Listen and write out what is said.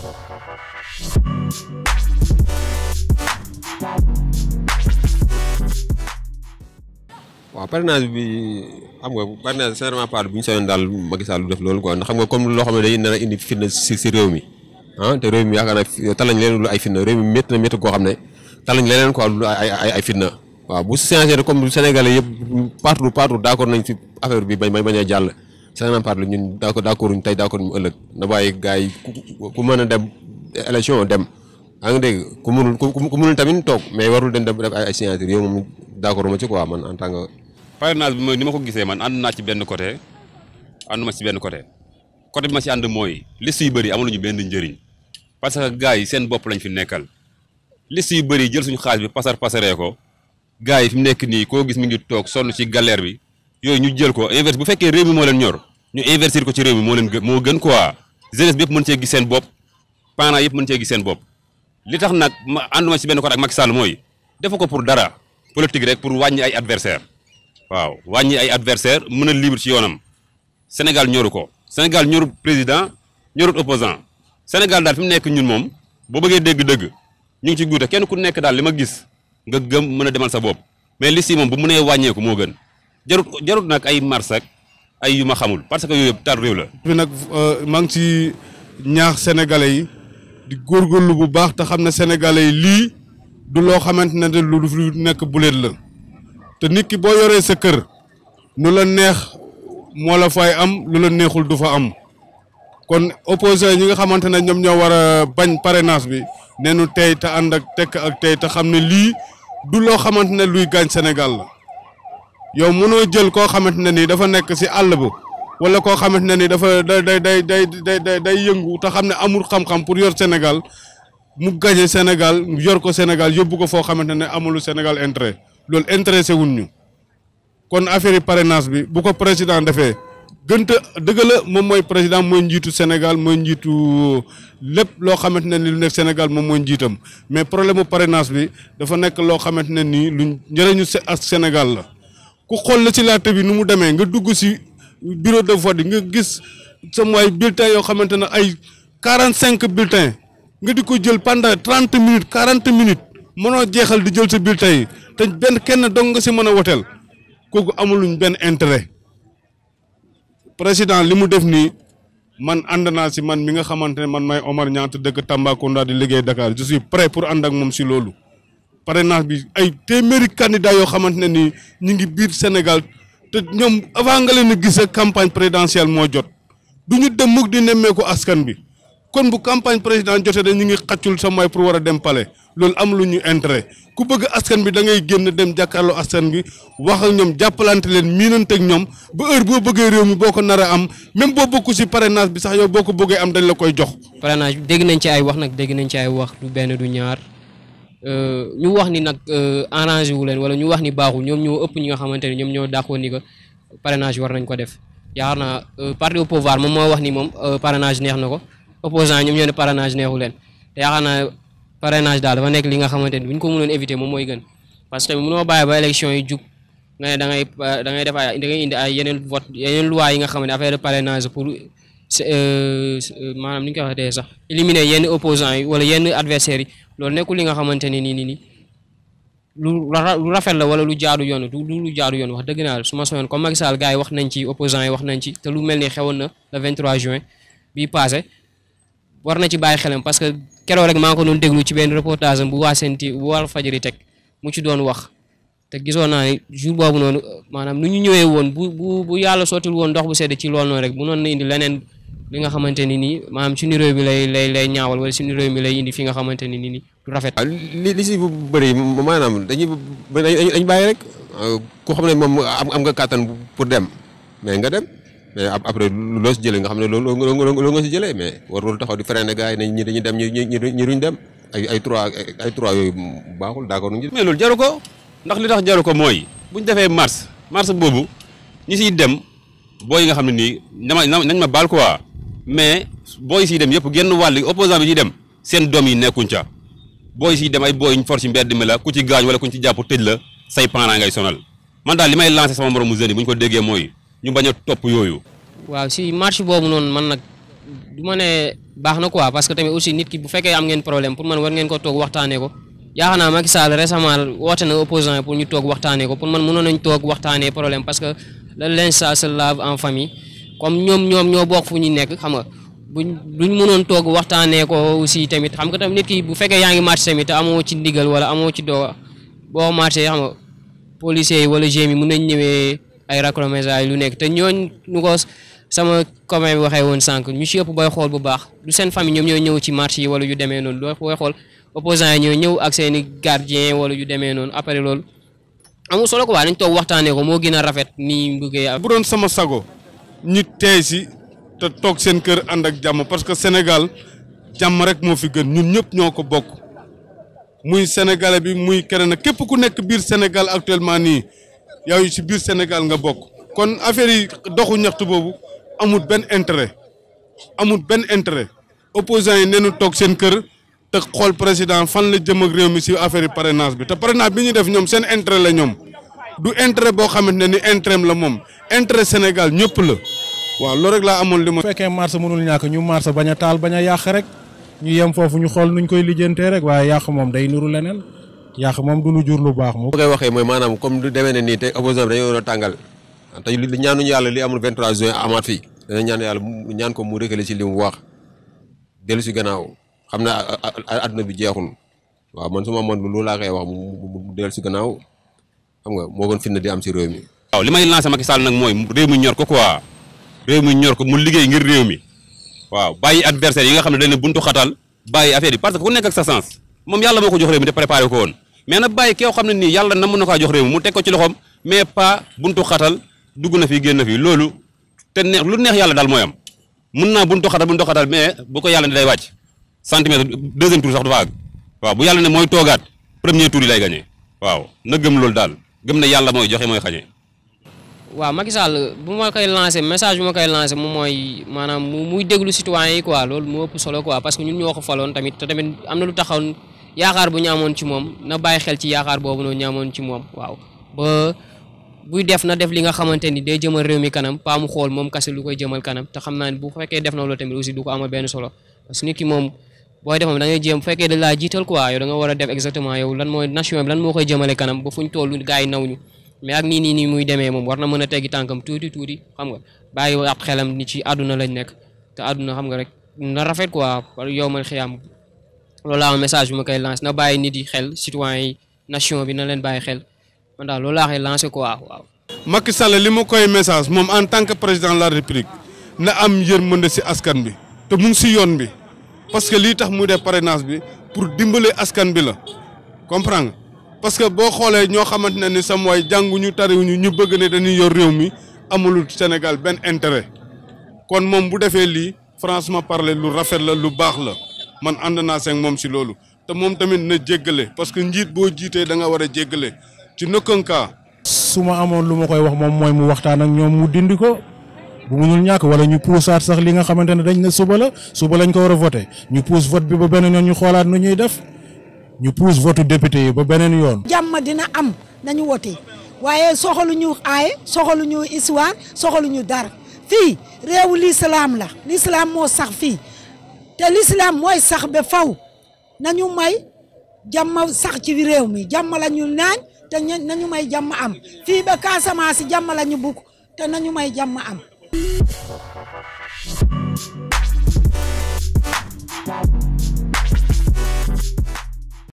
waaw parrainage bi xam nga parrainage sincèrement parle bu ñu soxleen daal Macky Sall def loolu quoi ndax xam nga comme loo xam ne day nar a indi fitna si si réew mi ah te réew mi yaakaar naa talañ leen lu ay fitna réew mi métti na métti koo xam ne talañ leneen quoi lu ay ay ay fitna waaw bu changé comme Sénégalais yëpp partout partout d'accord nañ ci affaire bi bañ bañ a jàll Saanaan Parle ñun d'accord d'accord ñu tey d'accord ñu ëllëg na bàyyi gars yi ku mën a dem élection dem yaa ngi dégg ku mënul ku mënul tamit toog mais warul dem def ay signature yow ma ci quoi man en ma ko gisee man ànd naa ci benn côté ànduma ci benn côté côté ma ànd mooy liste yu bëri amaluñu benn njëriñ parce que gars yi seen bopp lañ fi nekkal liste yu bëri jël suñu xaalis bi pasar pasaree ko gars yi fi mu nekk nii koo gis mi ngi toog sonn ci galère bi yooyu ñu jël ko inverse bu fekkee réew mi moo leen ñor. ñu investir ko ci réew mi moo leen gën moo gën quoi jeunesse bi yëpp mën cee gis seen bopp parents yëpp mën ee gis seen bopp li tax nag ma ànduma ci benn côté ak Macky Sall mooy defu ko pour dara politique rek pour wàññi ay adversaire waaw wàññi ay adversaire mën a libre ci yoonam Sénégal ñoru ko Sénégal ñorut président ñorut opposant Sénégal daal fi mu nekk ñun moom boo bëggee dégg-dëgg ñu ngi ci guute kenn ku nekk daal li ma gis nga gëm mën a demal sa bopp mais li si moom bu mënee wàññeeku moo gën jarut jarut nag ay mars ak ay yu ma xamul parce que yooyu yëpp taal réew la. bi nag euh, maa ngi ci ñaax sénégalais yi di góor góorgóorlu bu baax te xam ne sénégalais yi lii du loo xamante ne lu nekk buleet la te nit ki boo yoree sa kër nu la neex moo la am lu la neexul du fa am. kon opposants ñi nga xamante ne ñoom ñoo war a bañ parrainage bi nee nu tey te ànd ak tekk ak tey te xam ne lii du loo xamante ne luy gaañ Sénégal la. yow mënoo jël koo xamante ne nii dafa nekk si àll bi wala koo xamante ne ni dafa day day day day day yëngu te xam ne amul xam-xam pour yor Sénégal mu gañe Sénégal yor ko Sénégal yóbbu ko foo xamante ne amulu Sénégal intérêt loolu intéressé wuñ ñu kon affaire yi parrainage bi bu ko président defee gënta dëgg moom mooy président mooy njiitu Sénégal mooy njiitu lépp loo xamante ne ni lu nekk Sénégal moom mooy njiitam mais problème mu parrainage bi dafa nekk loo xamante ne nii lu njëriñu ak Sénégal la. ku xool législative bi nu mu demee nga dugg si bureau de vote yi nga gis sama ay bulletins yoo xamante ne ay quarante cinq bulletins nga di ko jël pendant trente minutes quarante minutes mënoo jeexal di jël sa bulletins yi te benn kenn dong nga si mën a woteel kooku amul amuluñ benn intérêt président li mu def nii man ànd naa si man mi nga xamante ne man may Omar Niang dëkk Tambacounda di liggéey Dakar je suis prêt pour ànd ak moom si loolu. parrainage bi ay téeméeri candidat yoo xamante ne nii ñu ngi biir Sénégal te ñoom avant nga leen a gis campagne présidentielle moo jot du ñu dem mukk di nemmeeku askan bi kon bu campagne président jote da ñu ngi xaccul sa may pour war a dem palais loolu am lu ñu intérêt ku bëgg askan bi dangay ngay génn dem jàkkaarloo askan bi wax ak ñoom jàppalante leen miinante ak ñoom ba heure boo bëggee réew mi boo ko nar am même boo bokku si parrainage bi sax yow boo ko bëggee am dañ la koy jox. parrainage bi dégg nañ ci ay wax nag dégg nañ ci ay wax du benn du ñaar. Euh, ñu wax ni nag euh, arrangé wu leen wala ñu wax ni baaxu ñoom ñoo ëpp ñi nga xamante ni ñoom ñoo d'accord ni que parrainage war nañ ko def yaakaar naa euh, parti au moom moo wax ni moom parrainage neex na ko opposant ñoom ñoo ne parrainage neexu leen te yaakaar naa parrainage daal dafa nekk li nga xamante ni bu ñu ko mënoon éviter moom mooy gën parce que mënoo bàyyi ba élection yi jub nga ne da ngay da ngay def da ngay indi ay yeneen vote yeneen loi yi nga xam ne affaire de parrainage pour maanaam ni ñu koy waxee sax éliminer yenn opposants yi wala yenn adversaires yi loolu nekkul li nga xamante ni nii nii lu rafet la wala lu jaaru yoon du lu jaaru yoon wax dëgg naa su ma soxleen comme Macky Sall yi wax nañ ci opposants yi wax nañ ci te lu mel ni xewoon na le 23 juin bii passé war na ci bàyyi xelam parce que keroog rek maa ngi ko doon déglu ci benn reportage am bu waa seen bu waa fajari teg mu ci doon wax te gisoon naa ne jour boobu noonu maanaam nu ñu ñëwee woon bu bu bu yàlla sottil woon ndox bu sedd ci loolu noonu rek bu noonu na indi leneen li nga xamante ni nii maanaam suñu réew mi lay lay lay ñaawal wala suñu réew lay indi fi nga xamante ni nii rafet ah, li li si bëri maanaam dañuy dañ baay rek ah, ku xam ne moom am nga kàttan pour dem mais nga dem mais après loo si jëlee nga xam ne loolu nga si jëlee mais warul taxaw di freiner gars yi ne ñi dañuy dem ñi ñi duñ dem ay trois ay trois yooyu baaxul d'accord ñu mais loolu jaru ko ndax li tax jaru ko mooy bu ñu defee mars mars boobu ñi siy dem booy yi xam ne nii dama nañ ma baal quoi mais booy si dem yëpp genn wàll opposant bi siy dem seen doom yi nekkuñ ca booy si dem ay booy ñu force mbedd mi la ku ci gaañ wala ku ñu ci jàpp tëj la say parents ngay sonal man daal li may lancé sama moromu jeunes yi bu ñu ko déggee mooy ñu bañ a topp yooyu. waaw si marche boobu noonu man nag du ma baax na quoi parce que tamit aussi nit ki bu fekkee am ngeen problème pour man war ngeen ko toog waxtaanee ko. yaakaar naa Macky Sall récemment woote na opposant yi pour ñu toog waxtaanee ko pour man mënoon nañ toog waxtaanee problème ñoo bokk fu buñ buñ mënoon toog waxtaanee ko aussi tamit xam nga tamit nit kii bu fekkee yaa ngi marché tamit te amoo ci ndigal wala amoo ci doo boo marché xam nga policiers yi wala GMI mën nañ ñëwee ay lu nekk te ñooñ ñu ko sama commune bi waxee woon sànq ñu ci ëpp ba xool bu baax du seen famille ñoom ñooy ñëw ci marché yi wala yu demee noonu doo booy xool opposants yi ñooy ñëw ak seen i gardien wala yu demee noonu après loolu amul solo ko waa dañ toog waxtaanee ko moo gën a rafet nii bëggee. bu doon sama sago te toog seen kër ànd ak jàmm parce que Sénégal jàmm rek moo fi gën ñun ñëpp ñoo ko bokk muy sénégalais bi muy keneen képp ku nekk biir Sénégal actuellement nii yow si biir Sénégal nga bokk. kon affaire yi doxu ñaxtu boobu amul benn intérêt amul benn intérêt opposants yi neenu toog seen kër te xool président fan la jëm ak réew mi si affaire yi parrainage bi te parrainage bi ñu def ñoom seen intérêt la ñoom du intérêt boo xamante ne ni intérêt la moom intérêt Sénégal ñëpp la. waaw loolu rek laa amoon li ma. bu fekkee marché mënul ñàkk ñu marché bañ a taal bañ a yàq rek ñu yem foofu ñu xool nuñ koy lijjantee rek waaye yàq moom day nuru leneen yàq moom du nu jur lu baax moom. bu koy waxee mooy maanaam comme du demee ne nii te opposition dañu dañoo war a tàngal te li ñaanuñu yàlla li amul 23 juin amaat fii dañu ñaan yàlla ñaan ko mu rëkkale ci li mu wax dellu si gannaaw xam naa adduna bi jeexul waaw man su ma mën loolu laa koy wax mu dellu si gannaaw xam nga moo gën fitna di am si réew mi. waaw li may lancer Macky Sall nag mooy réew mi ñor ko quoi. réew mi ñor ko mu liggéey ngir réew mi waaw bàyyi adversaire yi nga xam ne dañ ne buntu xatal bàyyi affaire parce que ku nekk ak sa sens moom yàlla moo ko jox réew mi te préparé ko woon mais nag bàyyi koo xam ne nii yàlla namm na kaa jox réew mi mu teg ko ci loxoom mais pas buntu xatal dugg na fi génn na fi loolu te neex lu neex yàlla daal mooy am mun naa buntu xatal buntu xatal mais bu ko yàlla ne day wàcc centimètre deuxième tour sax du fa àgg waaw bu yàlla ne mooy toogaat premier tour lay gagné waaw na gëm loolu daal gëm ne yàlla mooy joxe mooy xañe waaw Macky Sall bu ma koy lancé message bu ma koy lancé moom mooy maanaam muy déglu citoyen yi quoi loolu moo ëpp solo quoi parce que ñun ñoo ko faloon tamit am na lu taxaw yaakaar bu ñu amoon ci moom na bàyyi xel ci yaakaar boobu noonu ñu amoon moom waaw ba buy def na def li nga xamante ni day jëmal réew mi kanam paa mu xool moom kese lu koy jëmal kanam te xam naa ne bu fekkee def na loolu tamit aussi du ko amal benn solo parce que nit ki moom booy def moom da ngay fekkee da laa jiital quoi yow da a def exactement yow lan mooy moo koy jëmale kanam ba fu ñu toll gars yi naw mais ak nii nii nii muy demee moom war na mën a teggi tànkam tuuti tuuti xam nga bàyyi ab xelam nit ci àdduna lañ nekk te àdduna xam nga rek na rafet quoi yow man xiyaam loolu laa message bu ma koy lancé na bàyyi nit yi xel citoyen yi nation bi na leen bàyyi xel man daal laa koy lancé quoi waaw. Macky li ma koy message moom en tant que président de la république na am mën yërmande si askan bi te mu si yoon bi parce que lii tax mu def parrainage bi pour dimbale askan bi la comprendre nga parce que boo xoolee ñoo xamante ne ni sam waay jànguñu tariwuñu ñu bëgg ne dañuy yor réew mi amulul Sénégal benn intérêt kon moom bu defee lii franchement parle lu rafet la lu baax la man ànd naa seen moom si loolu te moom tamit na jéggale parce que njiit boo jiitee da nga war a jéggale ci nëkkankaa su ma amoon lu ma koy wax moom mooy mu waxtaan ak ñoom mu dindi ko bu munul ñàkk wala ñu puusaat sax li nga xamante ne dañ na suba la suba lañ ko war a voté ñu puus bi ba benn ñoon ñu xoolaat nu ñuy def ñu pousse vote député yi ba beneen yoon. jàmm dina am nañu wote waaye soxaluñu aaye soxaluñu histoire soxaluñu dara fii réewu lislaam la lislaam moo sax fii te lislaam mooy sax ba faw nañu may jàmma sax ci réew mi jàmm la ñu naañ te nañu may jàmm am fii ba Casamance jàmm la ñu bugg te nañu may jàmm am.